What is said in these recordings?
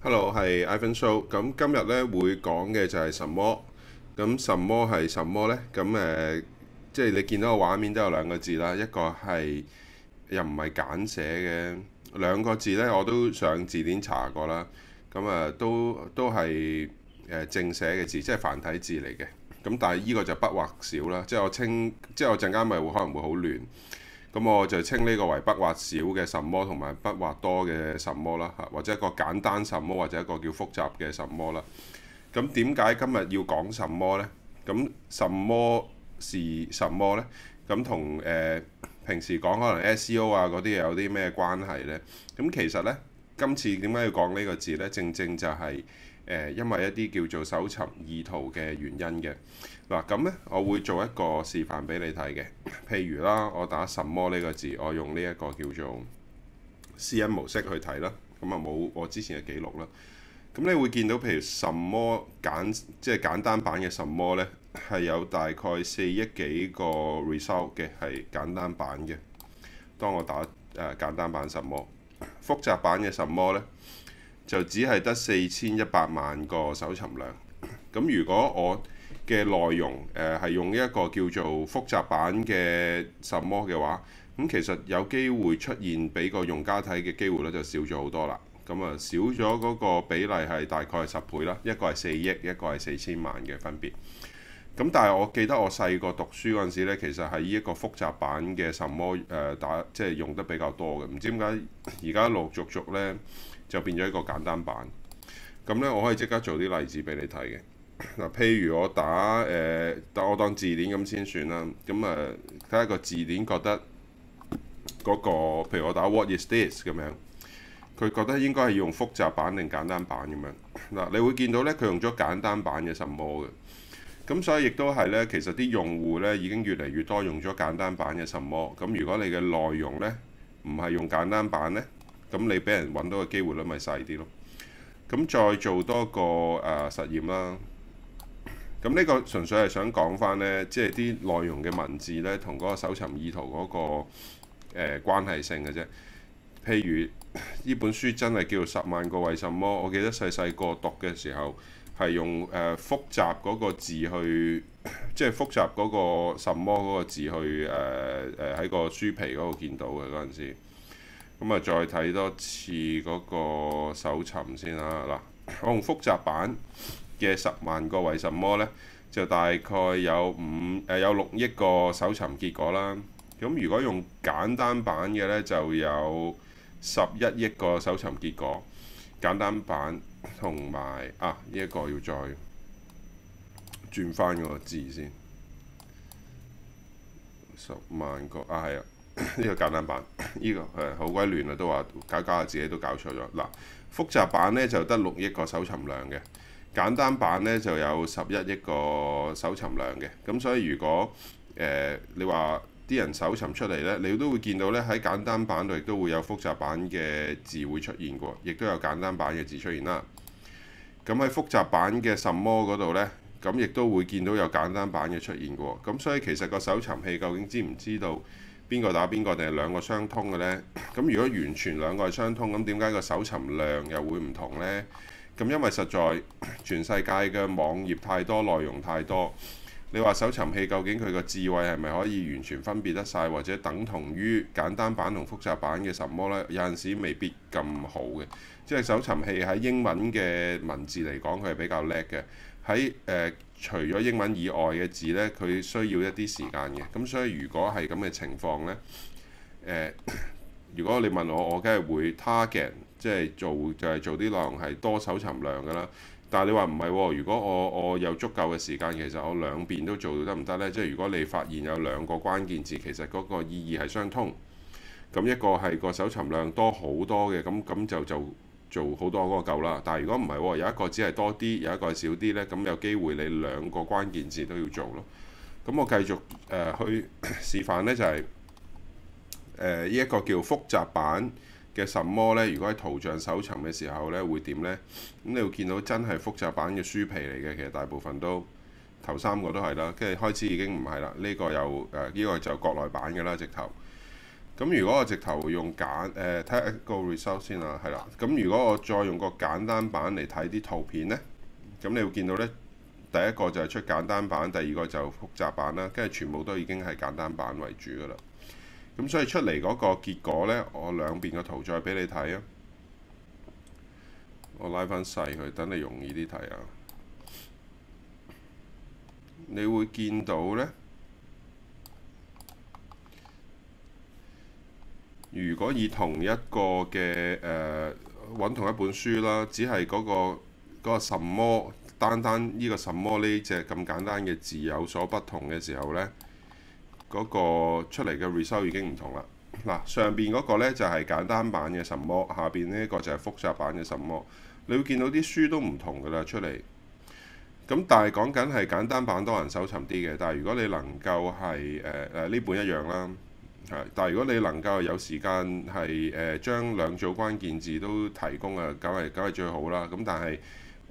hello，係 Ivan Show，咁今日咧會講嘅就係什麼？咁什麼係什麼呢？咁誒、呃，即係你見到個畫面都有兩個字啦，一個係又唔係簡寫嘅兩個字咧，我都上字典查過啦，咁啊、呃、都都係誒、呃、正寫嘅字，即係繁體字嚟嘅。咁但係依個就筆畫少啦，即係我清，即係我陣間咪會可能會好亂。咁我就稱呢個為筆畫少嘅什麼同埋筆畫多嘅什麼啦，嚇或者一個簡單什麼或者一個叫複雜嘅什麼啦。咁點解今日要講什麼呢？咁什麼是什麼呢？咁同誒平時講可能 SEO 啊嗰啲有啲咩關係呢？咁其實呢，今次點解要講呢個字呢？正正就係，誒，呃，因為一啲叫做搜尋意圖嘅原因嘅。嗱咁咧，我會做一個示範俾你睇嘅。譬如啦，我打什麼呢個字，我用呢一個叫做私隱模式去睇啦。咁啊冇我之前嘅記錄啦。咁你會見到，譬如什麼簡，即係簡單版嘅什麼呢，係有大概四億幾個 result 嘅係簡單版嘅。當我打誒、呃、簡單版什麼複雜版嘅什麼呢，就只係得四千一百萬個搜尋量。咁如果我嘅內容誒係，呃，用呢一個叫做複雜版嘅什麼嘅話，咁，嗯，其實有機會出現俾個用家睇嘅機會咧就少咗好多啦。咁，嗯，啊少咗嗰個比例係大概係十倍啦，一個係四億，一個係四千萬嘅分別。咁，嗯，但係我記得我細個讀書嗰陣時咧，其實係呢一個複雜版嘅什麼誒，呃，打即係用得比較多嘅，唔知點解而家陸續續咧就變咗一個簡單版。咁咧我可以即刻做啲例子俾你睇嘅。嗱，譬如我打誒、呃，我當字典咁先算啦。咁、嗯、啊，睇下個字典覺得嗰、那個，譬如我打 What is this 咁樣，佢覺得應該係用複雜版定簡單版咁樣嗱。你會見到咧，佢用咗簡單版嘅什麼嘅咁，所以亦都係咧，其實啲用戶咧已經越嚟越多用咗簡單版嘅什麼咁。如果你嘅內容咧唔係用簡單版咧，咁、嗯、你俾人揾到嘅機會率咪細啲咯。咁、嗯、再做多個誒、呃、實驗啦。咁呢個純粹係想講翻呢，即係啲內容嘅文字呢，同嗰個搜尋意圖嗰個誒、呃、關係性嘅啫。譬如呢本書真係叫做《十萬個為什麼》。我記得細細個讀嘅時候係用誒、呃、複雜嗰個字去，即係複雜嗰個什麼嗰個字去誒誒喺個書皮嗰度見到嘅嗰陣時。咁啊，再睇多次嗰個搜尋先啦。嗱，我用複雜版嘅十萬個為什麼呢？就大概有五誒、呃、有六億個搜尋結果啦。咁如果用簡單版嘅呢，就有十一億個搜尋結果。簡單版同埋啊，呢、這、一個要再轉翻個字先十萬個啊，係啊，呢 個簡單版呢、這個係好鬼亂啊，都話搞搞下自己都搞錯咗嗱。複雜版呢，就得六億個搜尋量嘅。簡單版呢就有十一億個搜尋量嘅，咁所以如果誒、呃、你話啲人搜尋出嚟呢，你都會見到呢，喺簡單版度亦都會有複雜版嘅字會出現喎，亦都有簡單版嘅字出現啦。咁喺複雜版嘅什麼嗰度呢，咁亦都會見到有簡單版嘅出現喎，咁所以其實個搜尋器究竟知唔知道邊個打邊個定係兩個相通嘅呢？咁如果完全兩個係相通，咁點解個搜尋量又會唔同呢？咁因為實在全世界嘅網頁太多，內容太多，你話搜尋器究竟佢個智慧係咪可以完全分別得晒，或者等同於簡單版同複雜版嘅什麼呢？有陣時未必咁好嘅，即係搜尋器喺英文嘅文字嚟講，佢係比較叻嘅。喺誒、呃、除咗英文以外嘅字呢，佢需要一啲時間嘅。咁所以如果係咁嘅情況呢、呃，如果你問我，我梗係會 target。即係做就係、是、做啲內容係多搜尋量嘅啦，但係你話唔係喎，如果我我有足夠嘅時間，其實我兩邊都做到得唔得呢？即係如果你發現有兩個關鍵字，其實嗰個意義係相通，咁一個係個搜尋量多好多嘅，咁咁就就，就做好多嗰個夠啦。但係如果唔係喎，有一個只係多啲，有一個係少啲呢，咁有機會你兩個關鍵字都要做咯。咁我繼續誒、呃、去示範呢，就係、是、呢、呃、一個叫複雜版。嘅什麼呢？如果喺圖像搜尋嘅時候呢，會點呢？咁你會見到真係複雜版嘅書皮嚟嘅。其實大部分都頭三個都係啦，跟住開始已經唔係啦。呢、呢個又誒，呢、呃呢個就國內版嘅啦，直頭。咁如果我直頭用簡誒睇、呃、個 result、e、先啦，係啦。咁如果我再用個簡單版嚟睇啲圖片呢，咁你會見到呢，第一個就係出簡單版，第二個就複雜版啦，跟住全部都已經係簡單版為主噶啦。咁所以出嚟嗰個結果呢，我兩邊個圖再俾你睇啊！我拉翻細佢，等你容易啲睇啊！你會見到呢，如果以同一個嘅誒揾同一本書啦，只係嗰個嗰個什麼單單呢個什麼呢只咁簡單嘅字有所不同嘅時候呢，嗰個出嚟嘅 result 已經唔同啦。嗱，上邊嗰個呢就係、是、簡單版嘅什麼，下邊呢個就係複雜版嘅什麼。你會見到啲書都唔同噶啦，出嚟。咁但係講緊係簡單版多人搜尋啲嘅，但係如果你能夠係誒誒呢本一樣啦，但係如果你能夠有時間係誒將兩組關鍵字都提供啊，梗係梗係最好啦。咁但係。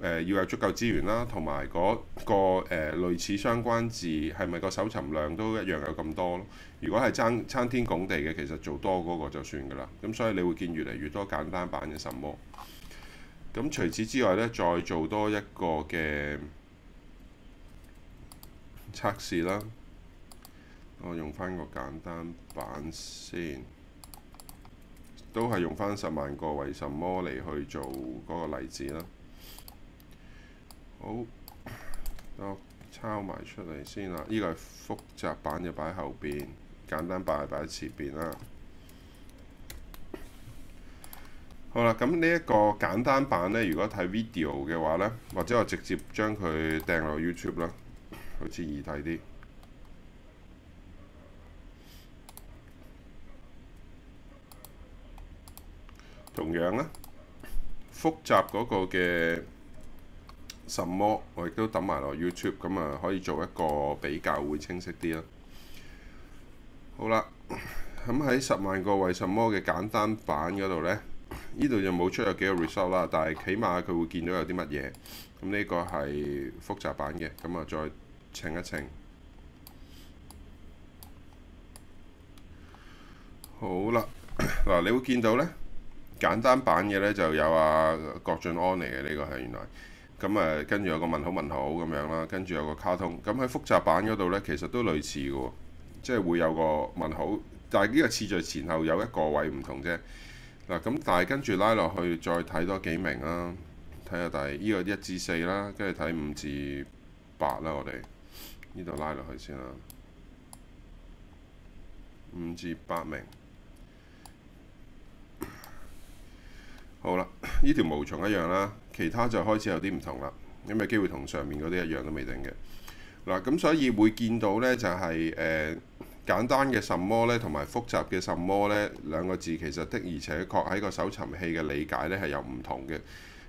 誒、呃、要有足夠資源啦，同埋嗰個誒、呃、類似相關字係咪個搜尋量都一樣有咁多咯？如果係爭爭天拱地嘅，其實做多嗰個就算噶啦。咁所以你會見越嚟越多簡單版嘅什麼。咁除此之外呢，再做多一個嘅測試啦。我用翻個簡單版先，都係用翻十萬個為什麼嚟去做嗰個例子啦。好，我抄埋出嚟先啦。呢、這個係複雜版，就擺喺後邊；簡單版就擺喺前邊啦。好啦，咁呢一個簡單版呢，如果睇 video 嘅話呢，或者我直接將佢掟落 YouTube 啦，好似易睇啲。同樣呢，複雜嗰個嘅。什麼我亦都等埋落 YouTube 咁啊，可以做一個比較會清晰啲啦。好啦，咁喺十萬個為什麼嘅簡單版嗰度呢，呢度就冇出有幾個 result 啦，但係起碼佢會見到有啲乜嘢。咁呢個係複雜版嘅，咁啊再清一清。好啦，嗱，你會見到呢簡單版嘅呢，就有阿郭俊安嚟嘅呢個係原來。咁誒，跟住有個問號問號咁樣啦，跟住有個卡通。咁喺複雜版嗰度呢，其實都類似嘅，即係會有個問號，但係呢個次序前後有一個位唔同啫。嗱，咁但係跟住拉落去，再睇多幾名啦，睇下，呢個。但係呢個一至四啦，跟住睇五至八啦，我哋呢度拉落去先啦。五至八名，好啦。呢條毛蟲一樣啦，其他就開始有啲唔同啦，因為機會同上面嗰啲一樣都未定嘅。嗱、啊，咁所以會見到呢，就係、是、誒、呃、簡單嘅什麼呢，同埋複雜嘅什麼呢兩個字，其實的而且確喺個搜尋器嘅理解呢係有唔同嘅。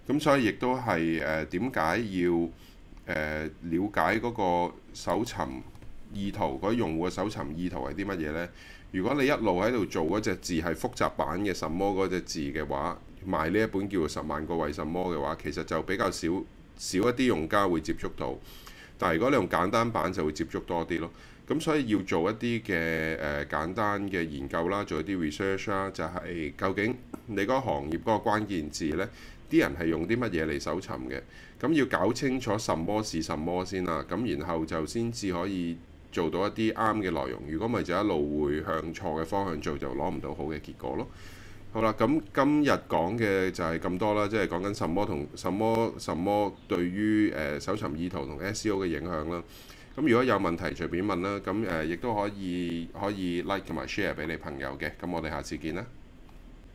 咁所以亦都係誒點解要誒瞭解嗰個搜尋意圖，嗰用戶嘅搜尋意圖係啲乜嘢呢？如果你一路喺度做嗰隻字係複雜版嘅什麼嗰隻字嘅話，賣呢一本叫做《十萬個為什麼》嘅話，其實就比較少少一啲用家會接觸到。但係如果你用簡單版，就會接觸多啲咯。咁所以要做一啲嘅誒簡單嘅研究啦，做一啲 research 啦，就係究竟你嗰個行業嗰個關鍵字呢，啲人係用啲乜嘢嚟搜尋嘅？咁要搞清楚什麼是什麼先啦。咁然後就先至可以做到一啲啱嘅內容。如果咪就一路會向錯嘅方向做，就攞唔到好嘅結果咯。好啦，咁今日講嘅就係咁多啦，即係講緊什麼同什麼什麼對於誒、呃、搜尋意圖同 SEO 嘅影響啦。咁如果有問題隨便問啦，咁誒、呃、亦都可以可以 like 同埋 share 俾你朋友嘅。咁我哋下次見啦。